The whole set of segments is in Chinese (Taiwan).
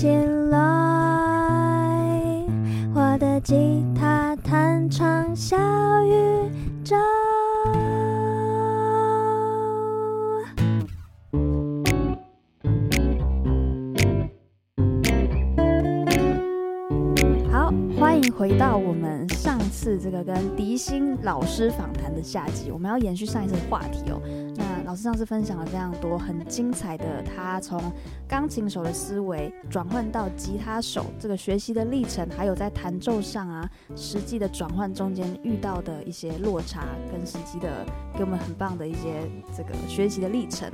起來，我的吉他彈唱小宇宙。好，歡迎回到我們上次這個跟迪欣老師訪談的下集，我們要延續上一次的話題哦。老師上次分享了非常多很精彩的，他從鋼琴手的思維轉換到吉他手這個學習的歷程，還有在彈奏上啊實際的轉換中間遇到的一些落差跟實際的給我們很棒的一些這個學習的歷程。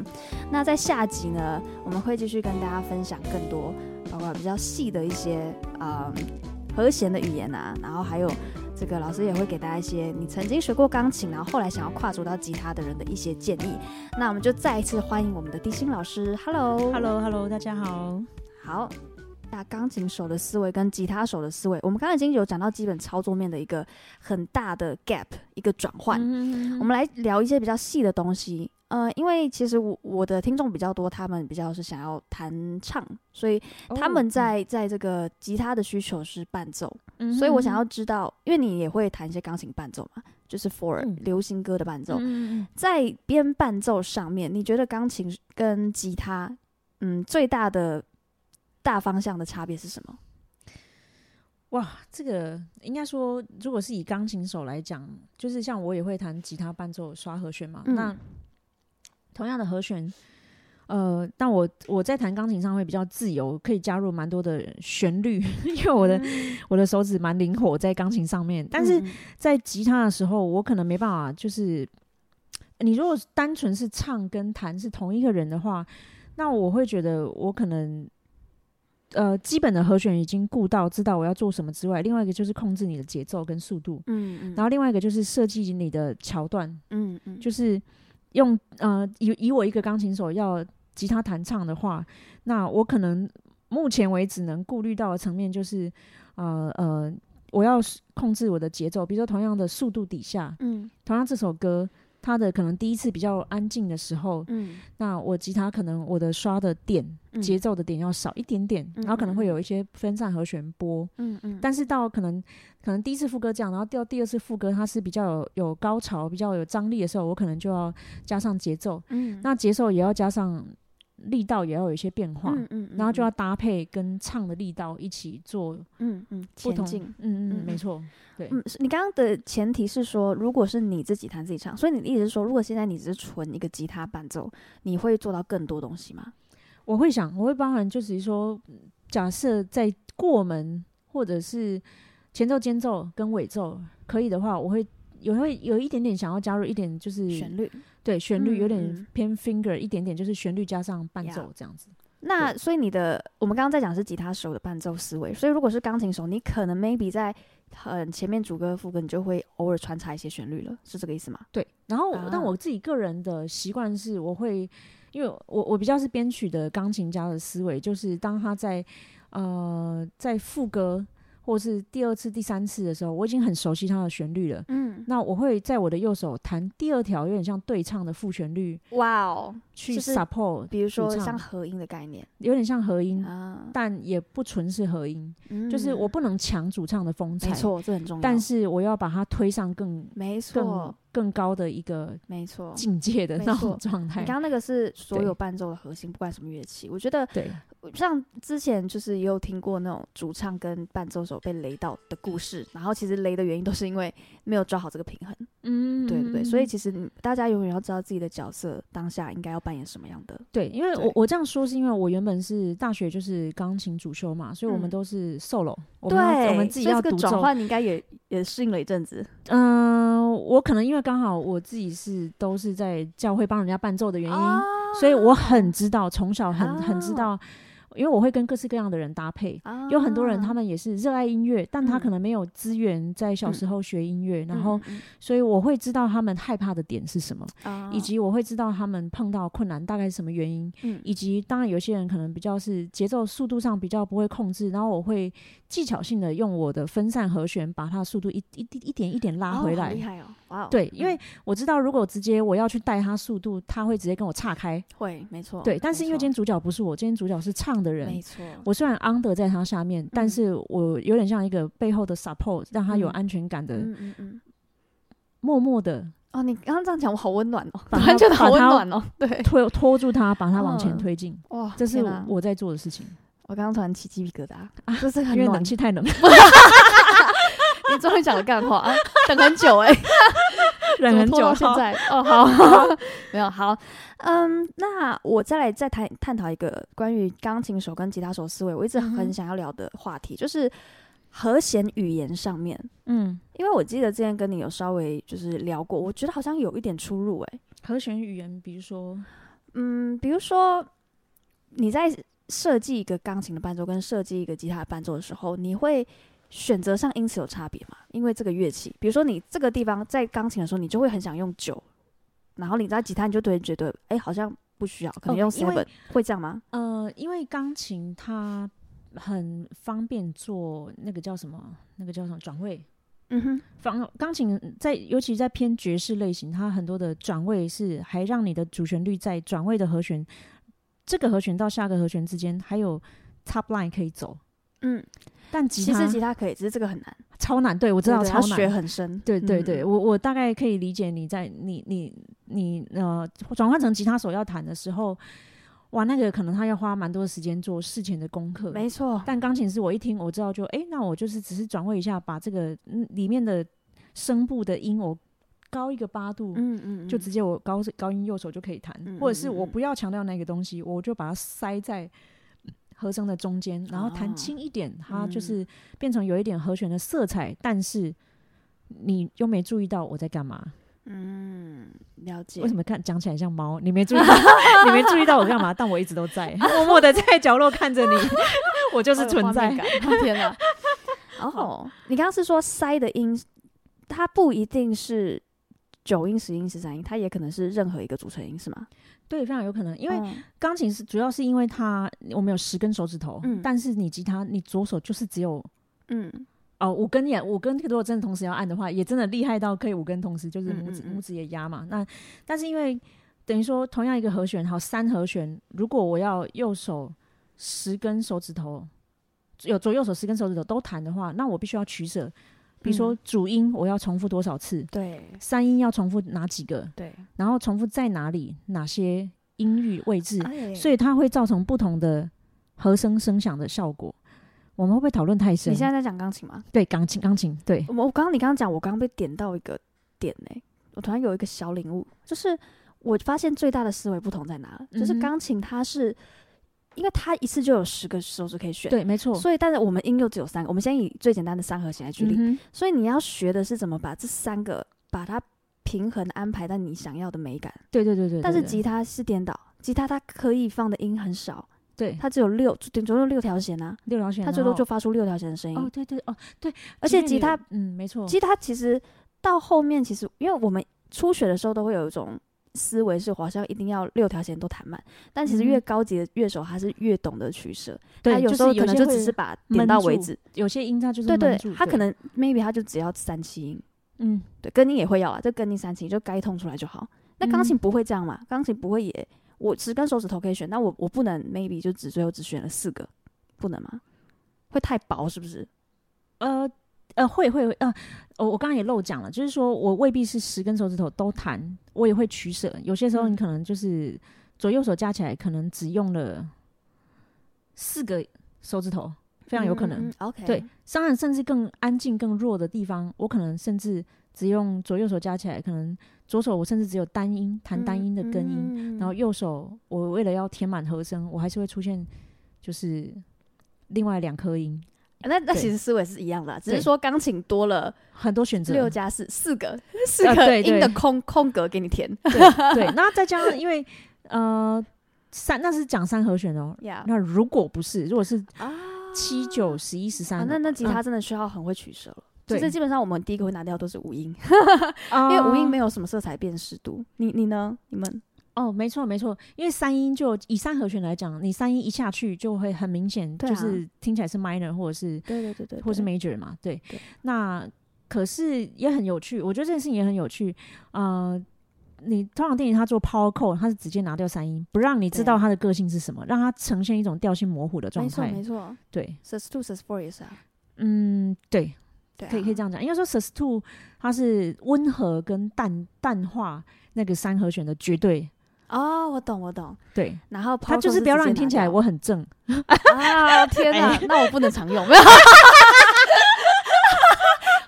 那在下集呢，我們會繼續跟大家分享更多，包括比較細的一些啊、嗯、和弦的語言啊，然後還有。這個老師也會給大家一些你曾經學過鋼琴，然後後來想要跨足到吉他的人的一些建議。那我們就再一次歡迎我們的廸歆老師。Hello，Hello，Hello，hello, hello, 大家好。好，那鋼琴手的思維跟吉他手的思維，我們剛才已經有講到基本操作面的一個很大的 gap，一個轉換。嗯、哼哼，我們來聊一些比較細的東西。呃，因為其實我我的聽眾比較多，他們比較是想要彈唱，所以他們在、哦、在這個吉他的需求是伴奏，嗯、哼所以我想要知道，因為你也會彈一些鋼琴伴奏嘛，就是 for 流行歌的伴奏，嗯、在編伴奏上面，你覺得鋼琴跟吉他，嗯，最大的大方向的差別是什麼？哇，這個應該說，如果是以鋼琴手來講，就是像我也會彈吉他伴奏刷和弦嘛，嗯、那。同樣的和弦，呃，但我我在彈鋼琴上會比較自由，可以加入蠻多的旋律，因為我的、嗯、我的手指蠻靈活在鋼琴上面。但是在吉他的時候，我可能沒辦法，就是你如果單純是唱跟彈是同一個人的話，那我會覺得我可能呃基本的和弦已經顧到知道我要做什麼之外，另外一個就是控制你的節奏跟速度，嗯嗯，然後另外一個就是設計你的橋段，嗯嗯，就是。用呃，以以我一個鋼琴手要吉他彈唱的話，那我可能目前為止能顧慮到的層面就是，呃呃，我要控制我的節奏，比如說同樣的速度底下，嗯，同樣這首歌。他的可能第一次比較安靜的時候，嗯，那我吉他可能我的刷的點、嗯、節奏的點要少一點點，嗯、然後可能會有一些分散和弦波、嗯，嗯嗯，但是到可能可能第一次副歌這樣，然後到第二次副歌它是比較有有高潮、比較有張力的時候，我可能就要加上節奏，嗯，那節奏也要加上。力道也要有一些變化，嗯嗯，嗯嗯，然後就要搭配跟唱的力道一起做嗯，嗯，不同，嗯，前進，嗯嗯，沒錯，對。嗯，你剛剛的前提是說，如果是你自己彈自己唱，所以你的意思是說，如果現在你只是純一個吉他伴奏，你會做到更多東西嗎？我會想，我會包含，就是說，假設在過門或者是前奏、間奏跟尾奏可以的話，我會。有會有一點點想要加入一點就是旋律，對旋律有點偏 finger，、嗯嗯、一點點就是旋律加上伴奏這樣子。Yeah. 對那所以你的我們剛剛在講是吉他手的伴奏思維，所以如果是鋼琴手，你可能 maybe 在很、呃、前面主歌副歌你就會偶爾穿插一些旋律了，是這個意思嗎？對。然後、啊、但我自己個人的習慣是，我會因為我我比較是編曲的鋼琴家的思維，就是當他在呃在副歌。或是第二次、第三次的時候，我已經很熟悉它的旋律了。嗯，那我會在我的右手彈第二條，有點像對唱的副旋律。哇哦！去 support，比如說像和音的概念，有點像和音，但也不純是和音。嗯、就是我不能搶主唱的風采。沒錯，這很重要。但是我要把它推上更沒錯更，更高的一個沒錯境界的那種狀態。你剛剛那個是所有伴奏的核心，對 不管什麼樂器，我覺得對。像之前就是也有聽過那種主唱跟伴奏手被雷到的故事，然後其實雷的原因都是因為沒有抓好這個平衡。嗯，對對對，嗯、所以其實大家永遠要知道自己的角色，當下應該要扮演什麼樣的。對，因為對我我這樣說是因為我原本是大學就是鋼琴主修嘛，所以我們都是 solo，、嗯、我們對我們自己要轉換，你應該也也適應了一陣子。嗯、呃，我可能因為剛好我自己是都是在教會幫人家伴奏的原因，哦、所以我很知道，從小很、哦、很知道。因為我會跟各式各樣的人搭配，有很多人他們也是熱愛音樂，但他可能沒有資源在小時候學音樂，然後所以我會知道他們害怕的點是什麼，以及我會知道他們碰到困難大概是什麼原因，以及當然有些人可能比較是節奏速度上比較不會控制，然後我會技巧性的用我的分散和弦把他速度一一一點一點一點拉回來，厲害哦，哇，對，因為我知道如果直接我要去帶他速度，他會直接跟我岔開，會沒錯，對，但是因為今天主角不是我，今天主角是唱的人，沒錯。我雖然 under 在他下面，但是我有點像一個背後的 support，讓他有安全感的，默默的。哦，你剛剛這樣講，我好溫暖哦，感覺好溫暖哦。對，拖拖住他，把他往前推進。哇，這是我在做的事情。我剛剛突然起雞皮疙瘩，這是因為冷氣太冷。你終於講了乾話，等很久哎。忍很久現在 哦好 沒有好，嗯，那我再來再探探討一個關於鋼琴手跟吉他手思維，我一直很想要聊的話題，嗯、就是和弦語言上面嗯，因為我記得之前跟你有稍微就是聊過，我覺得好像有一點出入哎、欸、和弦語言，比如說嗯比如說你在設計一個鋼琴的伴奏跟設計一個吉他的伴奏的時候，你會選擇上因此有差別嘛？因為這個樂器，比如說你這個地方在鋼琴的時候，你就會很想用九，然後你在吉他你就突然覺得，哎、欸，好像不需要，可能用 seven、okay, 會這樣嗎？呃，因為鋼琴它很方便做那個叫什麼，那個叫什麼轉位。嗯哼，方鋼琴在尤其在偏爵士類型，它很多的轉位是還讓你的主旋律在轉位的和弦，這個和弦到下個和弦之間還有 top line 可以走。嗯，但吉他其實吉他可以，只是這個很難，超難。對，我知道，超難，對對對，他學很深。對對對，嗯嗯，我我大概可以理解你在你你你呃轉換成吉他手要彈的時候，哇，那個可能他要花蠻多的時間做事前的功課。沒錯。但鋼琴是我一聽我知道就，哎、欸，那我就是只是轉換一下，把這個裡面的聲部的音我高一個八度，嗯，嗯嗯，就直接我高高音右手就可以彈，嗯嗯嗯，或者是我不要強調那個東西，我就把它塞在。和聲的中間，然後彈輕一點，它就是變成有一點和弦的色彩。但是你又沒注意到我在幹嘛？嗯，了解。為什麼看講起來像貓？你沒注意到，你沒注意到我幹嘛？但我一直都在，默默的在角落看着你。我就是存在感。天啊。然後你剛剛是說塞的音，它不一定是。九音、十音、十三音，它也可能是任何一個組成音，是嗎？對，非常有可能，因為鋼琴是主要是因為它我們有十根手指頭，嗯，但是你吉他，你左手就是只有，嗯，哦，五根眼，五根如果真的同時要按的話，也真的厲害到可以五根同時就是拇指，嗯嗯嗯，拇指也壓嘛。那但是因為等於說同樣一個和弦，好，三和弦，如果我要右手十根手指頭，有左右手十根手指頭都彈的話，那我必須要取舍。比如說主音我要重複多少次？對，三音要重複哪幾個？對，然後重複在哪裡？哪些音域位置？啊哎、所以它會造成不同的和聲聲響的效果。我們會不會討論太深？你現在在講鋼琴嗎？對，鋼琴，鋼琴。對，我剛剛你剛剛講，我剛剛被點到一個點呢、欸。我突然有一個小領悟，就是我發現最大的思維不同在哪？嗯、哼就是鋼琴它是。因為它一次就有十個手指可以選，對，沒錯。所以，但是我們音又只有三個，我們先以最簡單的三和弦來舉例。嗯哼。所以你要學的是怎麼把這三個把它平衡安排在你想要的美感。對對對對,對對對對。但是吉他是顛倒，吉他它可以放的音很少，對，它只有六，等於有六條弦啊，六條弦，它最多就發出六條弦的聲音。哦對對哦對，而且吉,吉他，嗯，沒錯，吉他其實到後面其實，因為我們初學的時候都會有一種。思維是好像一定要六條弦都彈滿，但其實越高級的樂手他是越懂得取捨。對，有時候可能就只是把點到為止。有些音他就是，對，對對，他可能對 maybe 他就只要三七音，嗯，對，根音也會要啊，這根音三七就該通出來就好。嗯、那鋼琴不會這樣嘛？鋼琴不會也，我十根手指頭可以選，但我我不能 maybe 就只最後只選了四個，不能嗎？會太薄是不是？呃。呃，會會會，呃，我我剛剛也漏講了，就是說我未必是十根手指頭都彈，我也會取舍。有些時候你可能就是左右手加起來可能只用了四個手指頭，非常有可能。嗯、OK，對，當然甚至更安靜、更弱的地方，我可能甚至只用左右手加起來，可能左手我甚至只有單音彈單音的根音，嗯嗯、然後右手我為了要填滿和聲，我還是會出現就是另外兩顆音。那那其實思維是一樣的，只是說鋼琴多了很多選擇，六加四四個四個音的空空格給你填。對，那再加上因為呃三那是講三和弦哦。那如果不是，如果是啊七九十一十三，那那吉他真的需要很會取捨。其實基本上我們第一個會拿掉都是五音，因為五音沒有什麼色彩辨識度。你你呢？你們？哦，沒錯沒錯，因為三音就以三和弦來講，你三音一下去就會很明顯，就是聽起來是 minor 或者是對。啊，對對對對，或是 major 嘛，對。對，那可是也很有趣，我覺得這件事情也很有趣啊、呃。你通常定義它做 power chord，它是直接拿掉三音，不讓你知道它的個性是什麼，對讓它呈現一種調性模糊的狀態。沒錯沒錯，對。sus two sus four 也是啊。嗯，對，對。啊，可以可以這樣講。因為說 sus two 它是溫和跟淡淡化那個三和弦的絕對。哦，oh, 我懂，我懂。對，然後他就是不要讓你聽起來我很正。 啊，天哪、啊！欸、那我不能常用。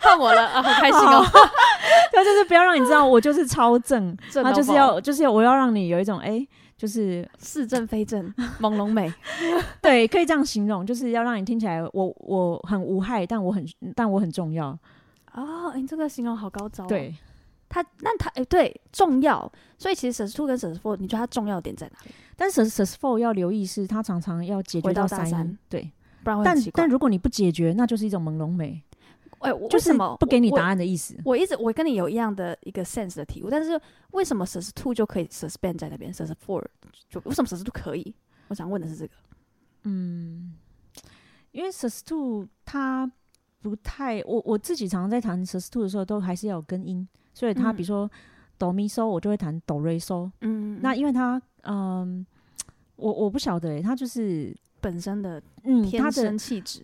換 我了，好、啊、開心哦。他、oh, 就是不要讓你知道我就是超正，他 就是要，就是我要讓你有一種哎、欸，就是似正非正， 朦朧美。對，可以這樣形容，就是要讓你聽起來我我很無害，但我很但我很重要。哦、oh, 你這個形容好高招、哦。對。他，那他，誒、欸，對，重要，所以其實 sus two 跟 sus four，你覺得它重要點在哪裡？但是 sus sus four 要留意是它常常要解決到 3, 三，對，不然會奇怪。但但如果你不解決，那就是一種朦朧美。哎、欸，我就是不給你答案的意思。我，我，我一直我跟你有一樣的一個 sense 的體悟，但是為什麼 sus two 就可以 suspend 在那邊，sus four 就為什麼 sus 都可以？我想問的是這個。嗯，因為 sus two 它不太，我我自己常常在談 sus two 的時候，都還是要有根音。所以，他比如說 do m o 我就會彈 do re o 嗯，嗯那因為他，嗯，我我不曉得他就是本身的氣質，嗯，天生氣質。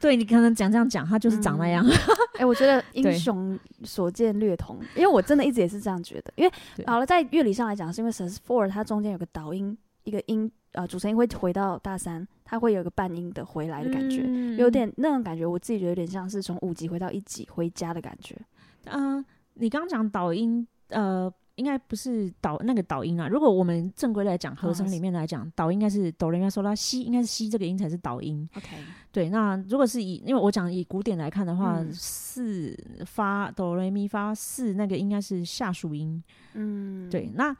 對，你剛剛講這樣講，他就是長那樣。哎、嗯欸，我覺得英雄所見略同，因為我真的一直也是這樣覺得。因為好了，在樂理上來講，是因為 u 4它中間有個導音，一個音，呃，主聲音會回到大三，它會有個半音的回來的感覺，嗯、有點那種感覺。我自己覺得有點像是從五級回到一級回家的感覺。嗯。你剛剛講導音，呃，應該不是導那個導音啊。如果我們正規來講，和聲裡面來講，oh, 導音應該是哆來咪發嗦啦，西，應該是西這個音才是導音。OK，對。那如果是以，因為我講以古典來看的話，嗯、四發哆來咪發四，那個應該是下屬音。嗯，對。那，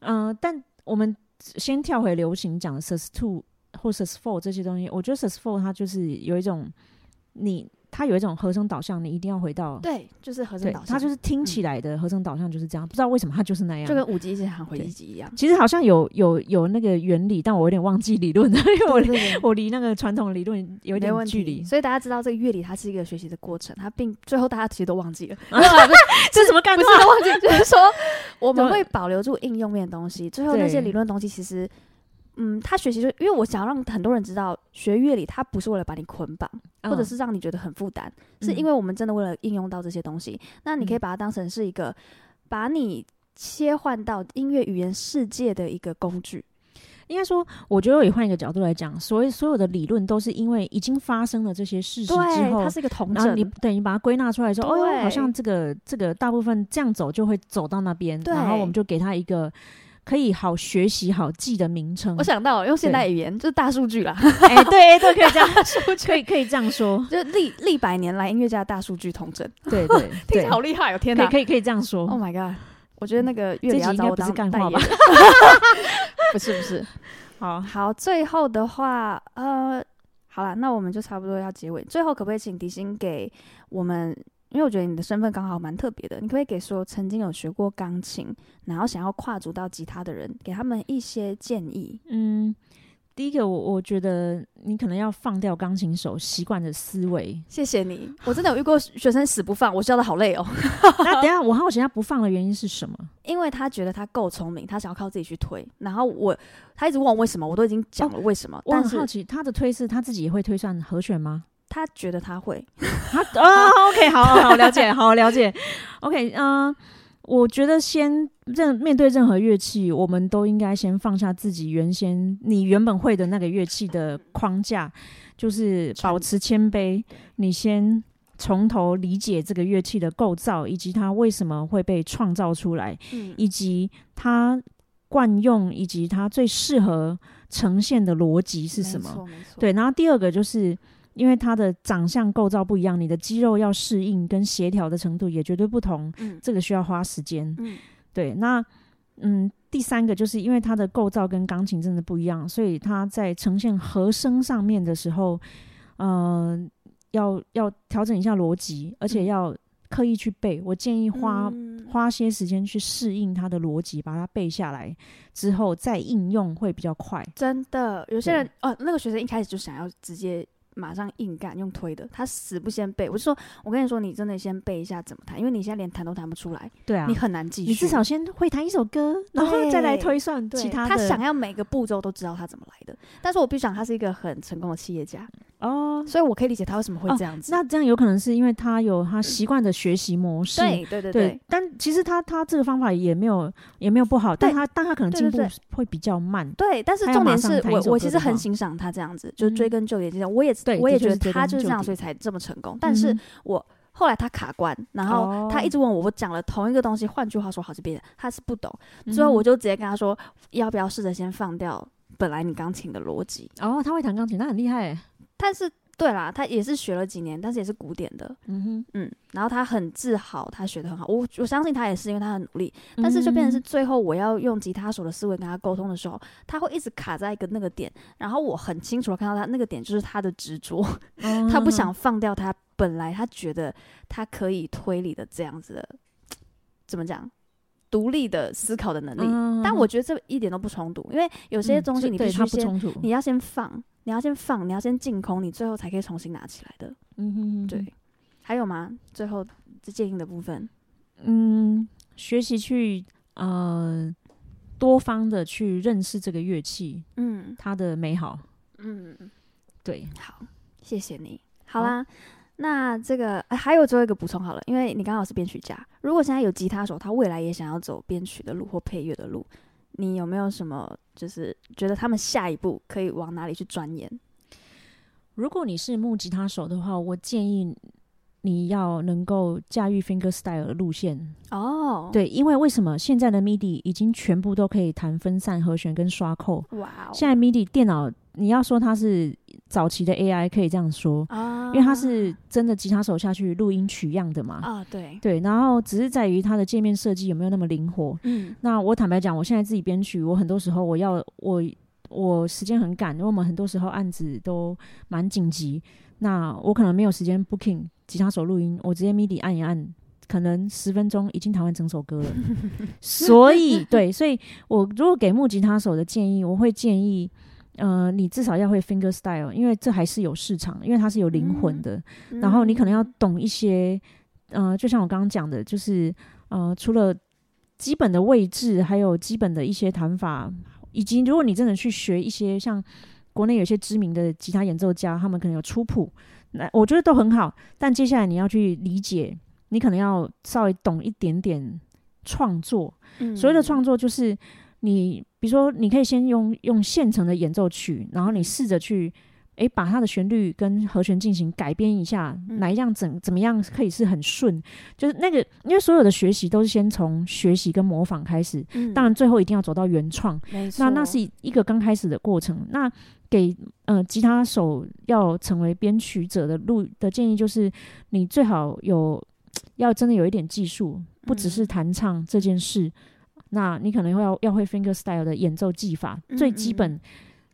嗯、呃，但我們先跳回流行講 sus two 或者 sus four 這些東西。我覺得 sus four 它就是有一種你。它有一種和聲導向，你一定要回到，對，就是和聲導向，它就是聽起來的和聲導向就是這樣。嗯、不知道為什麼它就是那樣，就跟五級一直喊回一級一樣。其實好像有有有那個原理，但我有點忘記理論了，因為我對對對我離那個傳統理論有一點距離。所以大家知道這個樂理它是一個學習的過程，它並最後大家其實都忘記了。這什麼概念都忘記，就是說我們會保留住應用面的東西，最後那些理論東西其實。嗯，他學習就是、因為我想要讓很多人知道，學樂理它不是為了把你捆綁，嗯、或者是讓你覺得很負擔，嗯、是因為我們真的為了應用到這些東西。嗯、那你可以把它當成是一個把你切換到音樂語言世界的一個工具。應該說，我覺得我以換一個角度來講，所以所有的理論都是因為已經發生了這些事情之後，它是一個統整，你等於把它歸納出來說，對哦，好像這個這個大部分這樣走就會走到那邊，對然後我們就給他一個。可以好學習、好記的名稱，我想到用現代語言就是大數據啦。哎，對，都可以這樣，可以可以這樣說，就是歷歷百年來音樂家的大數據統整。對對，聽起來好厲害哦，天哪！可以可以這樣說。Oh my god，我覺得那個月老的，應該不是幹話吧？不是不是。好好，最後的話，呃，好了，那我們就差不多要結尾。最後可不可以請廸歆給我們？因為我覺得你的身份剛好蠻特別的，你可,可以給說曾經有學過鋼琴，然後想要跨足到吉他的人，給他們一些建議？嗯，第一個，我我覺得你可能要放掉鋼琴手習慣的思維。謝謝你，我真的有遇過學生死不放， 我笑得好累哦。 那等下我好奇他不放的原因是什麼？因為他覺得他夠聰明，他想要靠自己去推。然後我他一直問我為什麼，我都已經講了為什麼。哦、但是好奇他的推是他自己也會推算和弦嗎？他覺得他會 他，他、哦、啊、哦、OK，好，好，好，了解，好了解 ，OK，嗯、呃，我覺得先任面對任何樂器，我們都應該先放下自己原先你原本會的那個樂器的框架，嗯、就是保持謙卑，嗯、你先從頭理解這個樂器的構造，以及它為什麼會被創造出來，嗯、以及它慣用以及它最適合呈現的邏輯是什麼？沒錯，沒錯，對。然後第二個就是。因為它的長相構造不一樣，你的肌肉要適應跟協調的程度也絕對不同，嗯、這個需要花時間，嗯、對。那，嗯，第三個就是因為它的構造跟鋼琴真的不一樣，所以它在呈現和聲上面的時候，嗯、呃，要要調整一下邏輯，而且要刻意去背。嗯、我建議花花些時間去適應它的邏輯，把它背下來之後再應用會比較快。真的，有些人對哦，那個學生一開始就想要直接。馬上硬幹用推的，他死不先背。我就說，我跟你說，你真的先背一下怎麼彈，因為你現在連彈都彈不出來，對啊，你很難繼續。你至少先會彈一首歌，然後再來推算其他的。對，他想要每個步驟都知道他怎麼來的。但是我必須講，他是一個很成功的企業家。哦，oh, 所以我可以理解他為什麼會這樣子。Oh, 那這樣有可能是因為他有他習慣的學習模式 對。對對對，對，但其實他他這個方法也沒有也沒有不好，對但他但他可能進步會比較慢。對，但是重點是我我其實很欣賞他這樣子，嗯、就是追根究底這樣。我也對我也覺得他就是這樣，是所以才這麼成功。但是我後來他卡關，然後他一直問我，我講了同一個東西，換句話說，好幾遍，他是不懂。嗯、哼所以我就直接跟他說，要不要試着先放掉本來你鋼琴的邏輯？哦，oh, 他會彈鋼琴，他很厲害，欸。但是對啦，他也是學了幾年，但是也是古典的，嗯哼嗯，然後他很自豪，他學得很好，我我相信他也是因為他很努力，但是就變成是最後我要用吉他手的思維跟他溝通的時候，他會一直卡在一個那個點，然後我很清楚地看到他那個點就是他的執着，嗯、哼他不想放掉他本來他覺得他可以推理的這樣子的，怎麼講，獨立的思考的能力，嗯、哼但我覺得這一點都不衝突，因為有些東西你必須先，嗯、不衝突你要先放。你要先放，你要先淨空，你最後才可以重新拿起來的。嗯哼，哼，對。還有嗎？最後這建議的部分。嗯，學習去呃多方的去認識這個樂器。嗯，它的美好。嗯，對。好，謝謝你。好啦，好那這個、啊、還有最後一個補充好了，因為你剛好是編曲家。如果現在有吉他手，他未來也想要走編曲的路或配樂的路。你有沒有什麼就是覺得他們下一步可以往哪裡去鑽研？如果你是木吉他手的話，我建議你要能夠駕馭 fingerstyle 的路線哦，oh、對，因為為什麼現在的 MIDI 已經全部都可以彈分散和絃跟刷扣？哇 Wow，現在 MIDI 電腦。你要說它是早期的 AI，可以這樣說，啊、因為它是真的吉他手下去錄音取樣的嘛。啊，對對，然後只是在於它的界面設計有沒有那麼靈活。嗯，那我坦白講，我現在自己編曲，我很多時候我要我我時間很趕，因為我們很多時候案子都蠻緊急，那我可能沒有時間 booking 吉他手錄音，我直接 MIDI 按一按，可能十分鐘已經彈完整首歌了。 所以對，所以我如果給木吉他手的建議，我會建議。呃，你至少要會 finger style，因為這還是有市場，因為它是有靈魂的。嗯，然後你可能要懂一些，呃，就像我剛剛講的，就是呃，除了基本的位置，還有基本的一些彈法，以及如果你真的去學一些像國內有些知名的吉他演奏家，他們可能有出譜，那我覺得都很好。但接下來你要去理解，你可能要稍微懂一點點創作。嗯，所謂的創作，就是你。比如說，你可以先用用現成的演奏曲，然後你試着去，誒、欸、把它的旋律跟和弦進行改編一下，嗯、哪一樣怎怎麼樣可以是很順？就是那個，因為所有的學習都是先從學習跟模仿開始，嗯、當然最後一定要走到原創。沒錯。那那是一個剛開始的過程。那給呃吉他手要成為編曲者的路的建議就是，你最好有要真的有一點技術，不只是彈唱這件事。嗯那你可能要要會 finger style 的演奏技法，嗯嗯最基本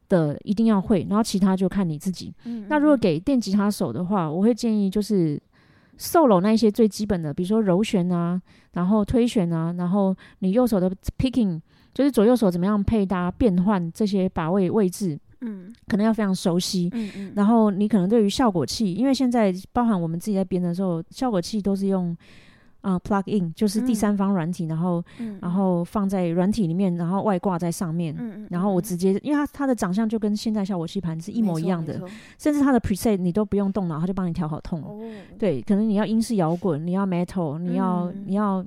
的一定要會，然後其他就看你自己。嗯嗯那如果給電吉他手的話，我會建議就是 solo 那一些最基本的，比如說揉弦啊，然後推弦啊，然後你右手的 picking，就是左右手怎麼樣配搭、變換這些把位位置，嗯，可能要非常熟悉。嗯嗯然後你可能對於效果器，因為現在包含我們自己在編的時候，效果器都是用。啊、uh,，plug in 就是第三方軟體，嗯、然後、嗯、然後放在軟體裡面，然後外掛在上面。嗯然後我直接，因為它它的長相就跟現在效果器盤，是一模一樣的，甚至它的 preset 你都不用動腦，它就幫你調好 tone，哦。對，可能你要英式搖滾，你要 metal，你要、嗯、你要，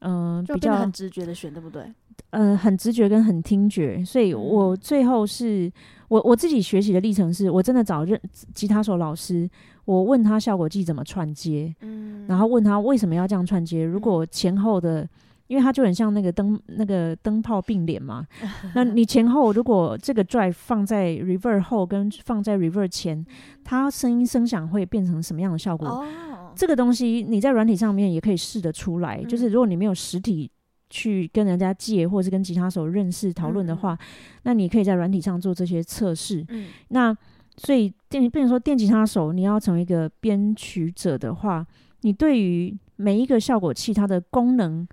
嗯，比、呃、較很直覺的選，對不對？嗯，很直覺跟很聽覺，所以我最後是。我我自己學習的歷程是，我真的找任吉他手老師，我問他效果器怎麼串接，嗯、然後問他為什麼要這樣串接。如果前後的，因為他就很像那個燈那個燈泡並聯嘛，嗯、那你前後如果這個 drive 放在 reverb 後跟放在 reverb 前，嗯、它聲音聲響會變成什麼樣的效果？哦、這個東西你在軟體上面也可以試得出來，嗯、就是如果你沒有實體。去跟人家借，或者是跟吉他手認識、討論的話，嗯、哼那你可以在軟體上做這些測試。嗯、那所以電，變成說電吉他手，你要成為一個編曲者的話，你對於每一個效果器，它的功能、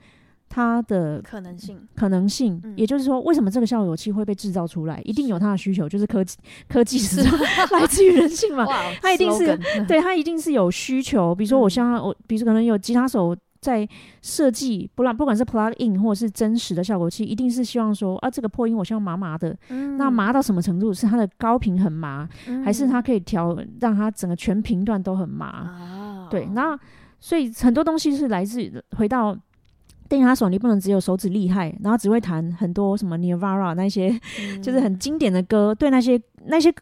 它的可能性、可能性，可能性嗯、也就是說，為什麼這個效果器會被製造出來，嗯、一定有它的需求，就是科技，科技是 來自於人性嘛？哇哦、它一定是，Slogan 對它一定是有需求。嗯、比如說，我像我，比如可能有吉他手。在設計，不論不管是 plug in 或者是真實的效果器，一定是希望說啊，這個破音我希望麻麻的。嗯、那麻到什麼程度？是它的高頻很麻，嗯、還是它可以調讓它整個全頻段都很麻？哦、對。那所以很多東西是來自回到電吉他手，你不能只有手指厲害，然後只會彈很多什麼 Nirvana 那些、嗯、 就是很經典的歌。對，那些那些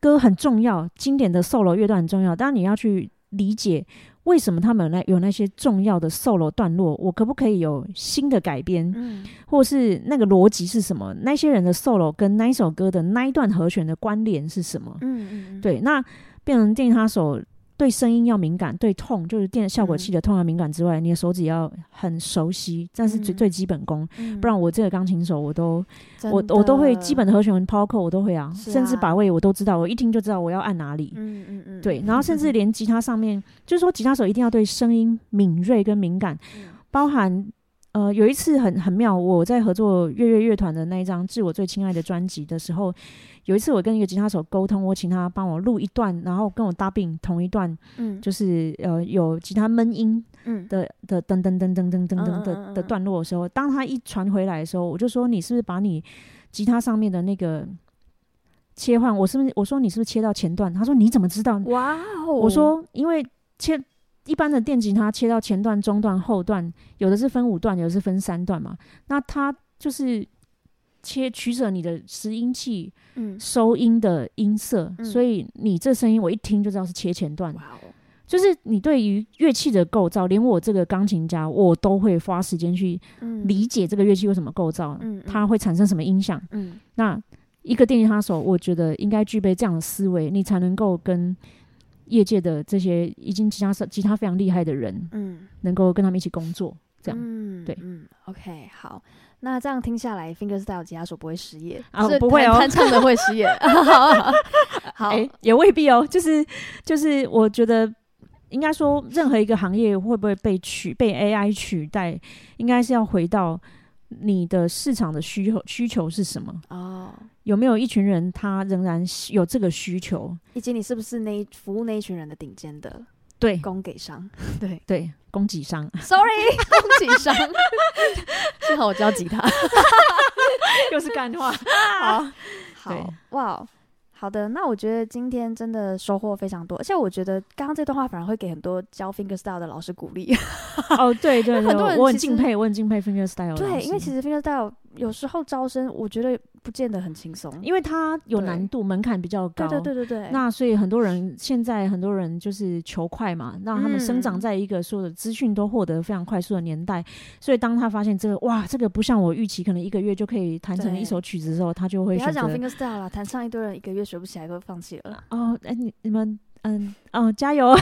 歌很重要，經典的 solo 樂段很重要，當然你要去理解。為什麼他們有那有那些重要的 solo 段落？我可不可以有新的改編？嗯、或是那個邏輯是什麼？那些人的 solo 跟那一首歌的那一段和弦的關聯是什麼？嗯嗯對，那變成影他手，對聲音要敏感，對痛就是電的效果器的痛要敏感之外，嗯、你的手指要很熟悉，這是最最基本功。嗯、不然我這個鋼琴手，我都的我我都會基本的和弦、拋扣，我都會啊，啊甚至把位我都知道，我一聽就知道我要按哪裡。嗯嗯嗯，嗯嗯對，嗯、然後甚至連吉他上面，嗯、就是說吉他手一定要對聲音敏銳跟敏感，嗯、包含。呃，有一次很很妙，我在合作月月樂樂團的那一張《致我最親愛的》專輯的時候，有一次我跟一個吉他手溝通，我請他幫我錄一段，然後跟我 dubbing 同一段，嗯，就是呃有吉他悶音，嗯的的噔噔噔噔噔噔噔，的的段落的時候，當他一傳回來的時候，我就說你是不是把你吉他上面的那個切換，我是不是我說你是不是切到前段？他說你怎麼知道？哇哦，我說因為切。一般的電吉他切到前段、中段、後段，有的是分五段，有的是分三段嘛。那它就是切取舍你的拾音器、收音的音色，嗯、所以你這聲音我一聽就知道是切前段。哇哦、嗯！嗯、就是你對於樂器的構造，連我這個鋼琴家，我都會花時間去理解這個樂器有什麼構造，嗯嗯、它會產生什麼音響、嗯。嗯，那一個電吉他手，我覺得應該具備這樣的思維，你才能夠跟。業界的這些已經其他、其他非常厲害的人，嗯，能夠跟他們一起工作，這樣，嗯，對，嗯，OK，好，那這樣聽下來，fingerstyle 吉他手不會失業，啊，貪不會哦、喔，彈唱人會失業， 好、欸，也未必哦、喔，就是，就是，我覺得應該說，任何一個行業會不會被取被 AI 取代，應該是要回到。你的市場的需求、需求是什麼？哦，oh. 有沒有一群人，他仍然有這個需求？以及你是不是那服務那一群人的頂尖的對，對，對供給商？對對 Sorry! 供給商。Sorry，供給商。幸好我教吉他， 又是幹話。 好，好，哇對。Wow. 好的，那我覺得今天真的收穫非常多，而且我覺得剛剛這段話反而會給很多教 finger style 的老師鼓勵。 哦，對對對，很多人我很敬佩，我很敬佩 finger style。對，因為其實 finger style。有時候招生，我覺得不見得很輕鬆，因為他有難度，對門檻比較高。對對對對，對，對，那所以很多人現在很多人就是求快嘛，讓他們生長在一個所有的資訊都獲得非常快速的年代，嗯、所以當他發現這個哇，這個不像我預期，可能一個月就可以彈成一首曲子的時候，對他就會不要講 finger style 了，彈唱一堆人一個月學不起來都放棄了。哦，哎、欸，你你們，嗯，哦，加油，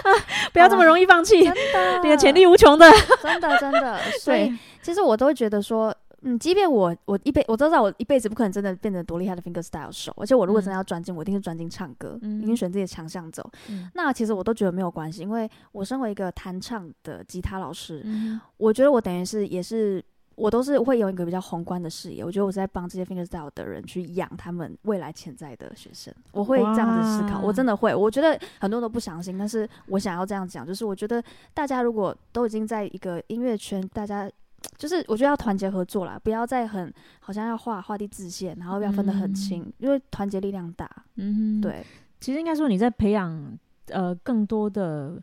不要這麼容易放棄，啊、 真的，你的潛力無窮的， 真的真的。所以對其實我都會覺得說。嗯，即便我我一輩我知道我一輩子不可能真的變得多厲害的 fingerstyle 手，而且我如果真的要轉進、嗯、我一定是專精唱歌，嗯嗯一定選自己的強項走。嗯、那其實我都覺得沒有關係，因為我身為一個彈唱的吉他老師，嗯、我覺得我等於是也是我都是會有一個比較宏觀的視野，我覺得我是在幫這些 fingerstyle 的人去養他們未來潛在的學生，我會這樣子思考，哇我真的會，我覺得很多人都不相信，但是我想要這樣講，就是我覺得大家如果都已經在一個音樂圈，大家。就是我覺得要團結合作啦，不要再很好像要畫畫地自限，然後要分得很清，嗯、因為團結力量大。嗯哼，對。其實應該說你在培養呃更多的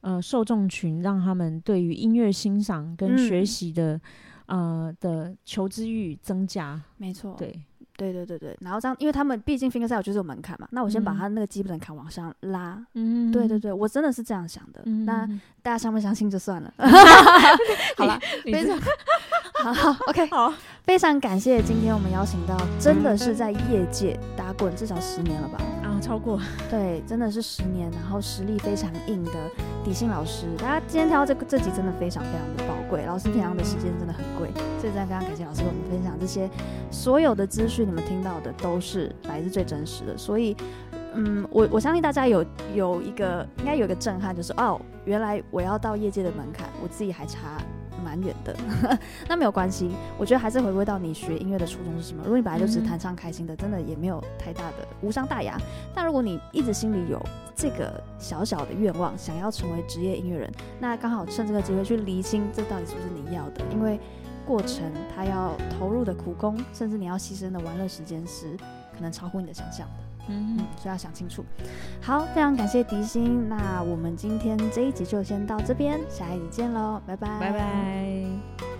呃受眾群，讓他們對於音樂欣賞跟學習的、嗯、呃的求知欲增加。沒錯錯，對。對對對對，然後這樣，因為他們畢竟 fingerstyle 就是有門檻嘛，嗯、那我先把他那個基本門檻往上拉。嗯對對對，我真的是這樣想的。嗯、那大家相不相信就算了。好了，非常，好好，OK，好，非常感謝今天我們邀請到，真的是在業界打滾至少十年了吧。超過。對，真的是十年，然後實力非常硬的底薪老師。大家今天聽到這個這集真的非常非常的寶貴，老師培養的時間真的很貴，所以真的非常感謝老師為我們分享這些所有的資訊。你們聽到的都是來自最真實的，所以嗯，我我相信大家有有一個應該有一個震撼，就是哦，原來我要到業界的門檻，我自己還差遠的， 那沒有關係。我覺得還是回歸到你學音樂的初衷是什麼。如果你本來就只彈唱開心的，真的也沒有太大的，無傷大雅。但如果你一直心裡有這個小小的願望，想要成為職業音樂人，那剛好趁這個機會去釐清這到底是不是你要的。因為過程他要投入的苦工，甚至你要犧牲的玩樂時間是可能超乎你的想象嗯，所以要想清楚。好，非常感謝廸歆，那我們今天這一集就先到這邊，下一集見嘍，拜拜拜拜。Bye bye